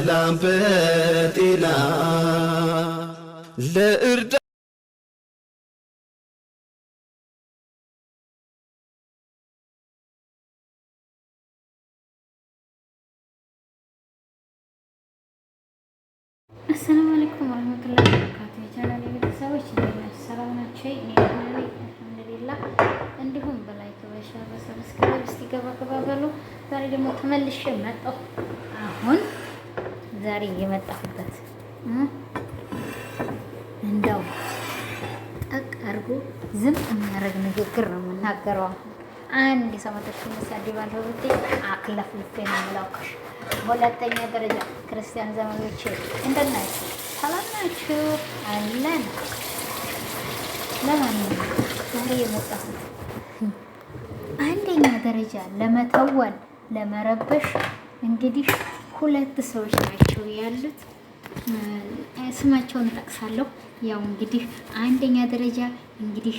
በሰላም በጤና ለእርዳ አሰላሙ አለይኩም ወረህመቱላሂ ወበረካቱ። የቻናል ቤተሰቦች ሰላም ናቸው። አልሐምዱሊላህ እንዲሁም በላይክ በሻ በሰብስክራይብ እስቲ ገባ ገባ በሉ። ዛሬ ደግሞ ተመልሼ መጣሁ አሁን ዛሬ የመጣሁበት እንደው ጠቅ አድርጎ ዝም የሚያደርግ ንግግር ነው የምናገረው። አሁን አንድ የሰመቶች መሳደባለሁ ብቴ አክለፍልፌ ነው የምላውቀሽ። በሁለተኛ ደረጃ ክርስቲያን ዘመኖች እንደት ናችሁ? ሰላም ናችሁ? አለን። ለማንኛውም ዛሬ የመጣሁት አንደኛ ደረጃ ለመተወን ለመረበሽ እንግዲህ ሁለት ሰዎች ናቸው ያሉት። ስማቸውን ጠቅሳለሁ። ያው እንግዲህ አንደኛ ደረጃ እንግዲህ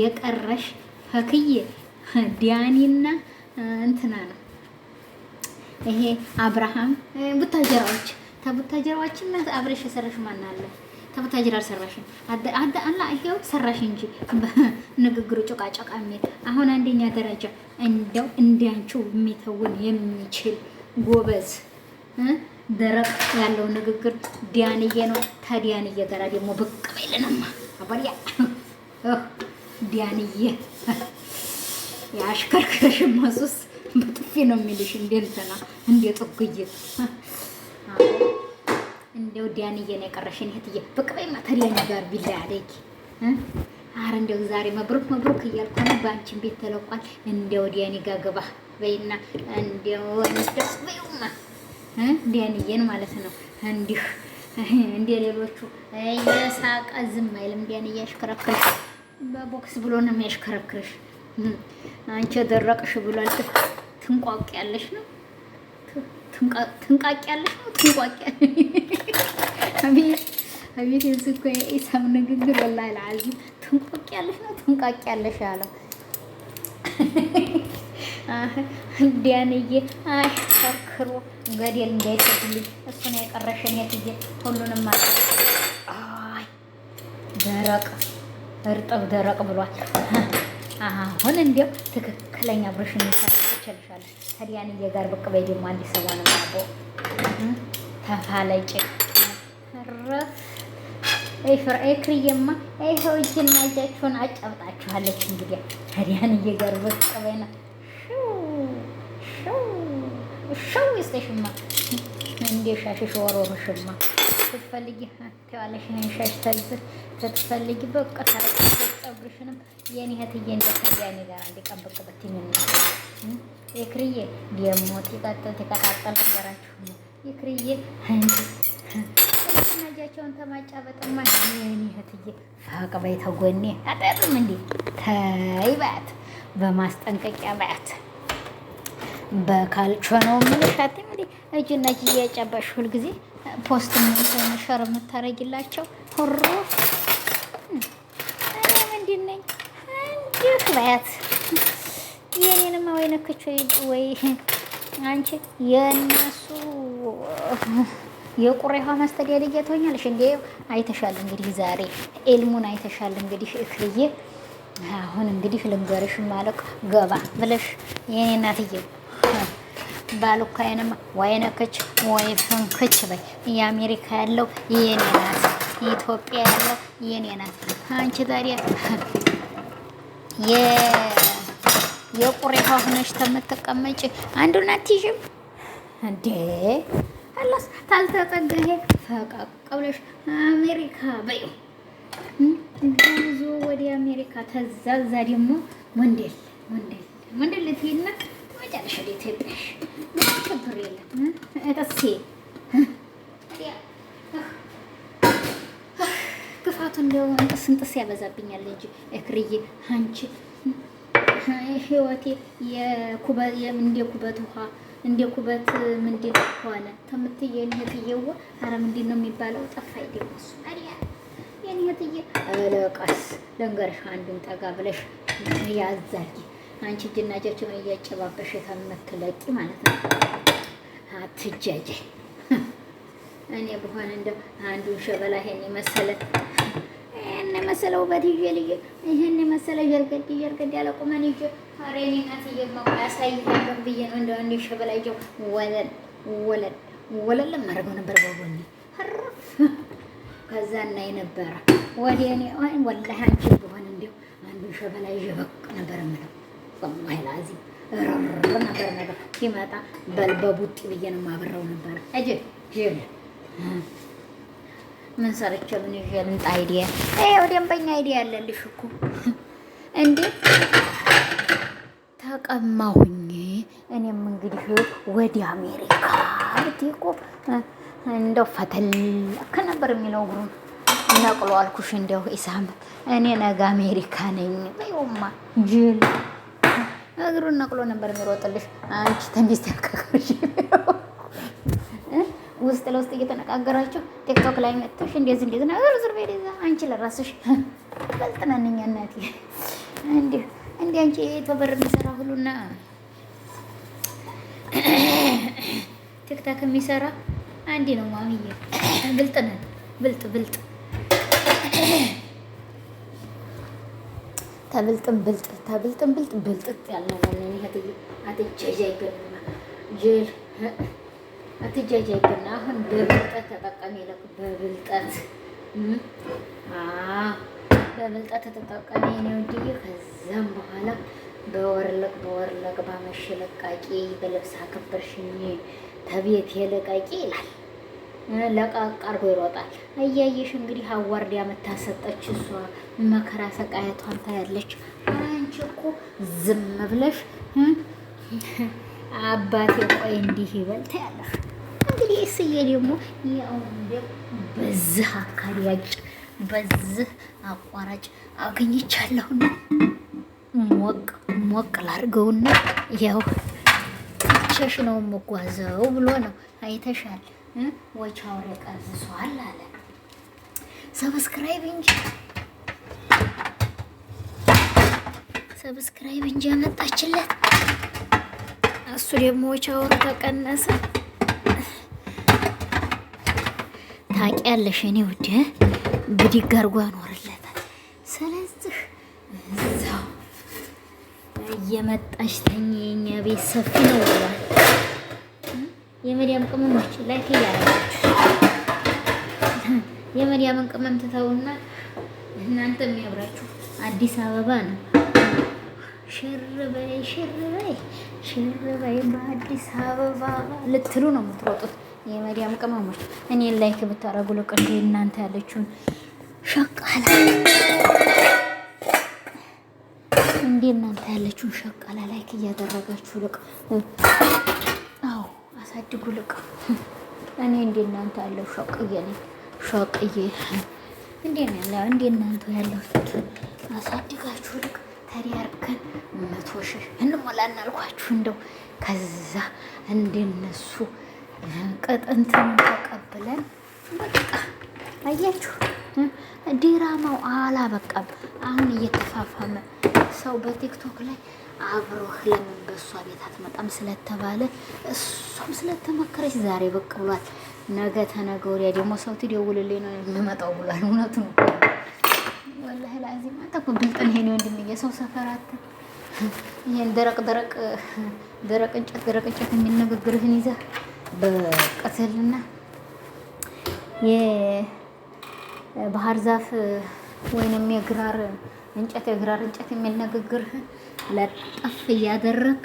የቀረሽ ፈክዬ ዲያኒና እንትና ነው ይሄ አብርሃም ቡታጀራዎች ተቡታጀራዎችና አብረሽ የሰራሽ ማን አለ? ተቡታጀራ ሰራሽ አደ አደ አላ ይሄው ሰራሽ እንጂ ንግግሩ ጮቃ ጮቃ የሚል አሁን አንደኛ ደረጃ እንደው እንዲያንቹ የሚተውን የሚችል ጎበዝ ደረቅ ያለው ንግግር ዲያንዬ ነው። ተዲያንዬ ጋራ ደግሞ ብቅ በይልንማ አባልያ ዲያንዬ የአሽከርክርሽ መሱስ በጥፊ ነው የሚልሽ። እንደ እንትና እንደ ጥጉዬ እንደው ዲያንዬ ነው የቀረሽን እህትዬ። ብቅ በይማ ተዲያንዬ ጋር ቢላ ያደግ አረ እንደው ዛሬ መብሩክ መብሩክ እያልኩ ነው። በአንቺን ቤት ተለቋል። እንደው ዲያኒ ጋር ግባ በይና እንደው እንደው በይውማ ዲያንዬን ማለት ነው። እንዲህ እንደ ሌሎቹ የሳቀ ዝም አይልም። ዲያንዬ ያሽከረክርሽ በቦክስ ብሎ ነው የሚያሽከረክርሽ። አንቺ ደረቅሽ ብሏል። ትንቋቅ ያለሽ ነው ትንቃቅ ያለሽ ነው ትንቋቅ ያለሽ አቤት የዚህ እኮ የኢሳም ንግግር ወላሂ አልዓዚም ትንቋቂያለሽ ነው ትንቃቂያለሽ ያለሽ ያለው ዲያንዬ አይ ፈክሮ ገደል እንዳይሰድልኝ እሱ ነው የቀረሽን የትዬ ሁሉንም አይ ደረቅ እርጥብ ደረቅ ብሏል። አሁን እንዲያው ትክክለኛ ብርሽን ይቻልሻለሁ። ከዳንዬ ጋር ብቅ በይ ደግሞ አንድ ሰዋን ማቦ ተፋለጭ ረስ ይኸው እጅና እጃችሁን አጨብጣችኋለች። እንግዲህ ከዳንዬ ጋር ብቅ በይ ነው ውሻው ይስጥሽማ፣ እንደ ሻሽሽ ትፈልጊ ስትፈልጊ ተዋለሽን ሻሽ ተልብስ ትፈልጊ በቃ ታረቂበት። ፀጉርሽንም የኔ እህትዬ እንደተያኔ ጋር እንዲቀብቅበት ይምን የክርዬ ደሞ ቲቀጥል ቲቀጣጠል ነገራችሁ የክርዬ ናጃቸውን ተማጫ በጥማ የኔ እህትዬ ፋቅ በይ ተጎኔ አጠጥም እንዴ ተይባት በማስጠንቀቂያ በያት በካልቾ ነው የምልሽ። አትይም እንደ እጅና እጅ እያጨባሽ ሁልጊዜ ፖስት ሸር የምታረጊላቸው ሁሮ ምንድን ነኝ እንዲህ በያት የኔንማ ወይ ወይ አንቺ የእነሱ ማስተዳደጊያ ትሆኛለሽ። አይተሻል እንግዲህ ዛሬ ኤልሙን አይተሻል እንግዲህ እክርዬ። አሁን እንግዲህ ልንገርሽ ማለቅ ገባ ብለሽ የኔ እናትዬ ባልኳይንም ወይነክች ወይ ፍንክች በይ። የአሜሪካ ያለው የኔ ናት፣ ኢትዮጵያ ያለው የኔ ናት። አንቺ ታዲያ የቁሬታ ሆነሽ ተምትቀመጭ አንዱን አትይዥም እንዴ? አላስ ታልተጠገሄ ፈቀቅ ብለሽ አሜሪካ በይ። ብዙ ወደ አሜሪካ ተዛዛ ደግሞ ወንዴል ወንዴል ወንዴል ትይና ትመጫለሽ ወደ ኢትዮጵያሽ። ብር የለም። እጥሴ ክፋቱ እንደው እንጥስ ያበዛብኛል እንጂ እክርዬ አንቺ ህይወቴ እንደ ኩበት ውሃ እንደ ኩበት ምንድን ሆነ የኔ እህትዬው፣ ኧረ ምንድን ነው የሚባለው ጠፋኝ። ደግሞ የኔ እህትዬ፣ አንዱን ጠጋ ብለሽ ያዛል አንቺ እጅና እጃቸውን እያጨባበሽ ከምትለቂ ማለት ነው። አትጃጀ እኔ በሆነ እንደ አንዱን ሸበላ ይሄን የመሰለ ይሄን የመሰለ ውበት ይዤ ልዬ ይሄን የመሰለ ጀርገድ ጀርገድ ያለ ቁመን ይዤ ኧረ እኔ እናትዬ መቆያ አሳይታለሁ ብዬ ነው እንደ አንዱ ሸበላ ይዤ ወለል ወለል ወለል ለማድረገው ነበር በጎኔ ርፍ ከዛ እና የነበረ ወዲህ እኔ ወላሂ አንቺ በሆነ እንደው አንዱን ሸበላ ይዤ በቅ ነበር የምለው ወላሂ ላዚም እርር ነበር ነገር ሲመጣ በቡጢ ብዬ ነው የማበረው ነበረ። እጅ ምን ሰርቼ ምን ይዤ ልምጣ? አይዲያ ይኸው ደንበኛ አይዲያ ያለልሽ እኮ እንዴ ተቀማሁኝ። እኔም እንግዲህ ወደ አሜሪካ ብቴኮ እንደው ፈተል ከነበር የሚለው እግሩን ነቅሎ አልኩሽ። እንደው ኢሳም እኔ ነገ አሜሪካ ነኝ በይውማ ጅል እግሩን ነቅሎ ነበር የሚሮጥልሽ። አንቺ ተሚስት ያካከርሽ ውስጥ ለውስጥ እየተነጋገራችሁ ቲክቶክ ላይ መጥተሽ እንደዚህ እንደዚህ ነገር ዝር ቤዛ፣ አንቺ ለራስሽ በልጥናንኛ እናት እንዲ እንዲ አንቺ የተበር የሚሰራ ሁሉና ቲክታክ የሚሰራ አንዴ ነው ማሚዬ። ብልጥነን ብልጥ ብልጥ ተብልጥም ብልጥ ተብልጥም ብልጥ ብልጥጥ ያልነው አሁን በብልጠት ተጠቀሚ በብልጠት በብልጠት ተጠቀሚ ነው እንዲህ። ከዛም በኋላ በወርለቅ በወርለቅ ባመሽ ለቃቂ በልብስ አከበርሽኝ ተቤት የለቃቂ ይላል። ለቃቅ አርጎ ይሮጣል። እያየሽ እንግዲህ አዋርድ ያመታሰጠች እሷ መከራ ሰቃየቷን ታያለች። አንቺ እኮ ዝም ብለሽ አባቴ ቆይ እንዲህ ይበል ታያለሽ። እንግዲህ እስዬ ደግሞ በዚህ አካሪያጭ በዚህ አቋራጭ አገኝቻለሁና ሞቅ ሞቅ ላርገውና ያው ቸሽ ነው የምጓዘው ብሎ ነው አይተሻል። ወቻው ላይ ቀዝሷል አለ። ሰብስክራይብ እንጂ ሰብስክራይብ እንጂ ያመጣችለት እሱ ደግሞ ወቻውሩ ተቀነሰ። ታውቂያለሽ እኔ ውድ ብድግ አድርጎ ያኖርለታል። ስለዚህ እዛው እየመጣሽ ተኝ የኛ ቤት ሰፊ ነው። የመዲያም ቅመሞች ላይ ትያላችሁ። የመዲያምን ቅመም ትተውና እናንተ የሚያብራችሁ አዲስ አበባ ነው። ሽር በይ ሽር በይ ሽር በይ በአዲስ አበባ ልትሉ ነው የምትሮጡት። የመዲያም ቅመሞች እኔን ላይክ ብታረጉ ልቅ እናንተ ያለችውን ሸቃላ እንደ እናንተ ያለችውን ሸቃላ ላይክ እያደረጋችሁ ልቅ አሳድጉ ልቅ እኔ እንደ እናንተ ያለው ሾቅዬ ነኝ። ሾቅዬ እንደ እናንተ ያለው አሳድጋችሁ ልቅ ተዳርገን መቶ ሺህ እንሞላ እናልኳችሁ እንደው ከዛ እንደነሱ ቅጥንትን ተቀብለን በቃ አያችሁ፣ ዲራማው አላበቃም። አሁን እየተፋፋመ ሰው በቲክቶክ ላይ አብሮህ ለምን በእሷ ቤት አትመጣም ስለተባለ እሷም ስለተመከረች ዛሬ ብቅ ብሏል። ነገ ተነገ ወዲያ ደግሞ ሰው ትደውልልኝ ነው የምመጣው ብሏል። እውነቱ ነው ወላሂ ላዚም አንተ እኮ ብልጥን ይሄን ወንድም የሰው ሰፈራት ይሄን ደረቅ ደረቅ ደረቅ እንጨት ደረቅ እንጨት የሚነግግርህን ይዘህ በቀትልና የባህር ዛፍ ወይንም የግራር እንጨት የግራር እንጨት የሚል ንግግር ለጠፍ እያደረክ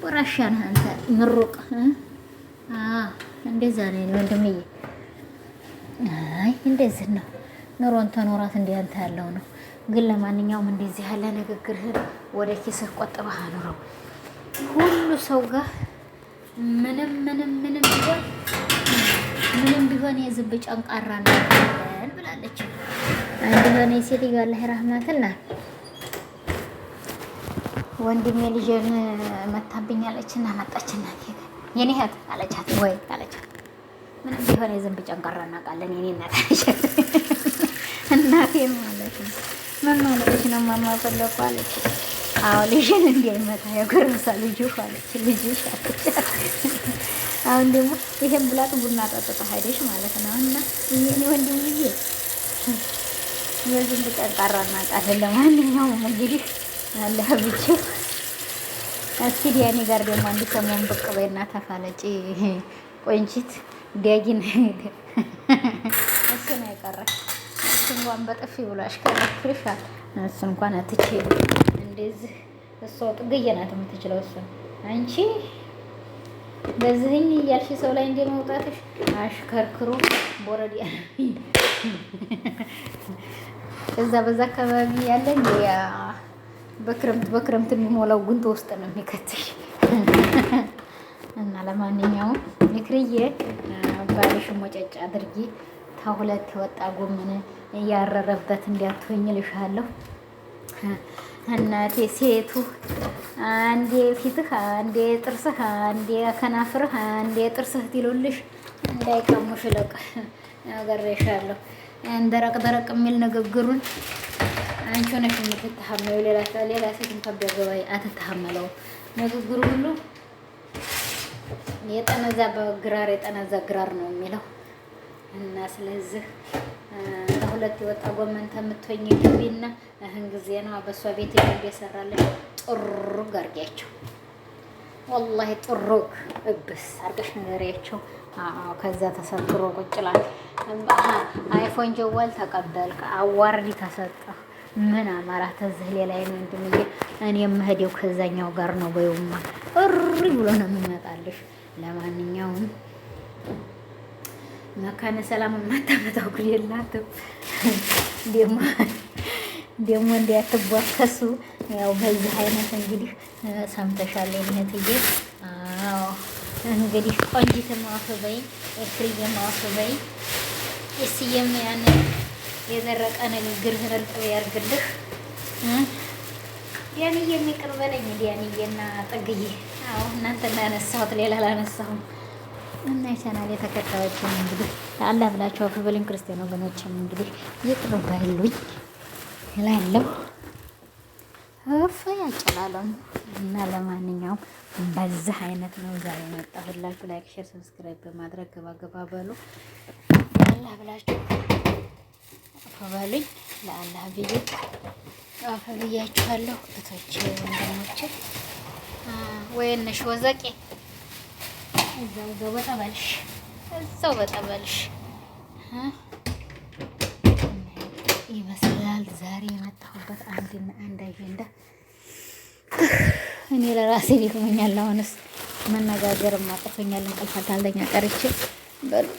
ቦራሻ ነህ አንተ ምሩቅ። እንደዛ ነው ወንድምዬ። አይ እንደዚህ ነው ኑሮን ተኖራት እንዲህ አንተ ያለው ነው። ግን ለማንኛውም እንደዚህ ያለ ንግግርህን ወደ ኪስህ ቆጥበህ አኑረው። ሁሉ ሰው ጋር ምንም ምንም ምንም ቢሆን ምንም ቢሆን የዝብ ጨንቃራ ነው ብላለች። አንድ የሆነ ሴትዮ አላህ ይራህማትና ወንድሜ ልጄን መታብኛለችና መጣችና የኔ እህት አለቻት ወይ አለቻት ምንም ቢሆን የዝንብ ጨንቀራ እናውቃለን የኔ እናት እናቴ ማለት ነው ምን ማለች ነው ማማ ፈለኩ አለች። አዎ ልጅን እንዳይመታ የጎረምሳ ልጁ አለች ልጅሽ አሁን ደግሞ ይሄን ብላት ቡና ጠጥታ ሄደሽ ማለት ነው እና የኔ ወንድምዬ ስለዚህ ጠንጣራ እናውቃለን። ለማንኛውም እንግዲህ አለህ ብቻ እስኪ ዲያኒ ጋር ደግሞ አንድ ሰሞን ብቅ በይና ተፋለጪ ቆንጂት። ዲያጊን እሱ ነው የቀረ። እሱ እንኳን በጥፊ ብሎ አሽከረክርሻል። እሱ እንኳን አትችይም እንደዚህ። እሷ ጥግዬ ናት የምትችለው እሱ። አንቺ በዚህኝ እያልሽ ሰው ላይ እንደ መውጣትሽ አሽከርክሩ ቦረድ እዛ በዛ አካባቢ ያለን በክረምት በክረምት የሚሞላው ጉንቶ ውስጥ ነው የሚከትሽ። እና ለማንኛውም ምክርዬ ባልሽ ሞጨጭ አድርጊ። ከሁለት ወጣ ጎመን እያረረበት እንዲያትሆኝ ልሻለሁ እናቴ። ሴቱ አንዴ ፊትህ፣ አንዴ ጥርስህ፣ አንዴ ከናፍርህ፣ አንዴ ጥርስህ ትሉልሽ እንዳይቀሙሽ ለቅ አገሬሻለሁ። እንደረቅ ደረቅ የሚል ንግግሩን አንቺ ሆነሽ የምትተሐመለው ሌላ ሌላ ሴት እንኳን ቢያገባ አትተሐመለውም። ንግግሩ ሁሉ የጠነዛ በግራር የጠነዛ ግራር ነው የሚለው እና ስለዚህ ለሁለት የወጣ ጎመን ተምቶኝ ግቢና እህን ጊዜ ነው በእሷ ቤት ይሁን የሰራለች ጥሩግ አድርጊያቸው። ወላሂ ጥሩግ እብስ አድርገሽ ንገሪያቸው። አዎ ከዛ ተሰክሮ ቁጭ ይላል። ጀዋል ተቀበልክ፣ አዋርድ ተሰጠ። ምን አማራ ተዝህ ሌላ ነው እንድምዬ እኔ የምሄደው ከዛኛው ጋር ነው። በይውማ እሪ ብሎ ነው የሚመጣልሽ። ለማንኛውም መካነ ሰላም የማታመጣው ጉድ የላትም። ደግሞ እንዲያትቧከሱ ያው በዚህ አይነት እንግዲህ ሰምተሻል እህትዬ። እንግዲህ ቆንጂት ማፍበይ ኤክርዬ ማፍበይ እስዬም ያንን የዘረቀ ንግግርህን እርጥብ ያርግልህ። ያንዬ የሚቅር ያንዬና ጥግዬ። አዎ እናንተ እንዳነሳሁት ሌላ አላነሳሁም። እና የቻናል የተከታዮችን እንግዲህ ለአላህ ብላችሁ አፍ ክርስቲያን ወገኖችም እንግዲህ ይቅር በሉኝ እላለሁ። እፍ ያጨላለም እና ለማንኛውም በዚህ አይነት ነው ዛሬ መጣሁላችሁ። ላይክ፣ ሼር፣ ሰብስክራይብ በማድረግ ገባገባ በሉ። አላህ ብላችሁ አፍ በሉኝ። ለአላህ ብዬ አፍ ብያችኋለሁ። እቶች ወንድሞቼ፣ ወይነሽ ወዘቄ እዛው እዛው በጠበልሽ እዛው በጠበልሽ ይመስላል። ዛሬ የመጣሁበት አንድና አንድ አጀንዳ እኔ ለራሴ ደክሞኛል። አሁንስ መነጋገርም አቅቶኛል። እንቅልፍ አልተኛ ቀርቼ በልቅ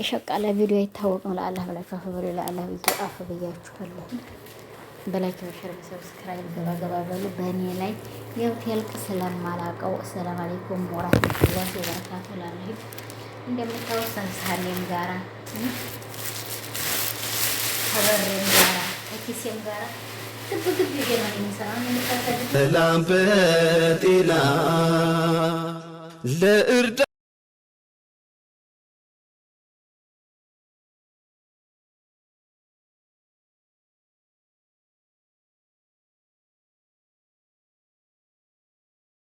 የሸቃለ ቪዲዮ አይታወቅም። ለአላህ ብላችሁ አፍ በሉ፣ ለአላህ ብዬ አፍ ብያችኋለሁ። በላቸው ሸር ሰብስክራይብ ገባ ገባ በሉ። በእኔ ላይ ያው ቴልቅ ስለማላቀው ሰላም አለይኩም ወራህመቱላሂ ወበረካቱ ላለሁ እንደምታወቅ ሰንሳሌም ጋራ ከበሬም ጋራ ከኪሴም ጋራ ግብግብ ይገናል የሚሰራ ሰላም በጤና ለእርዳ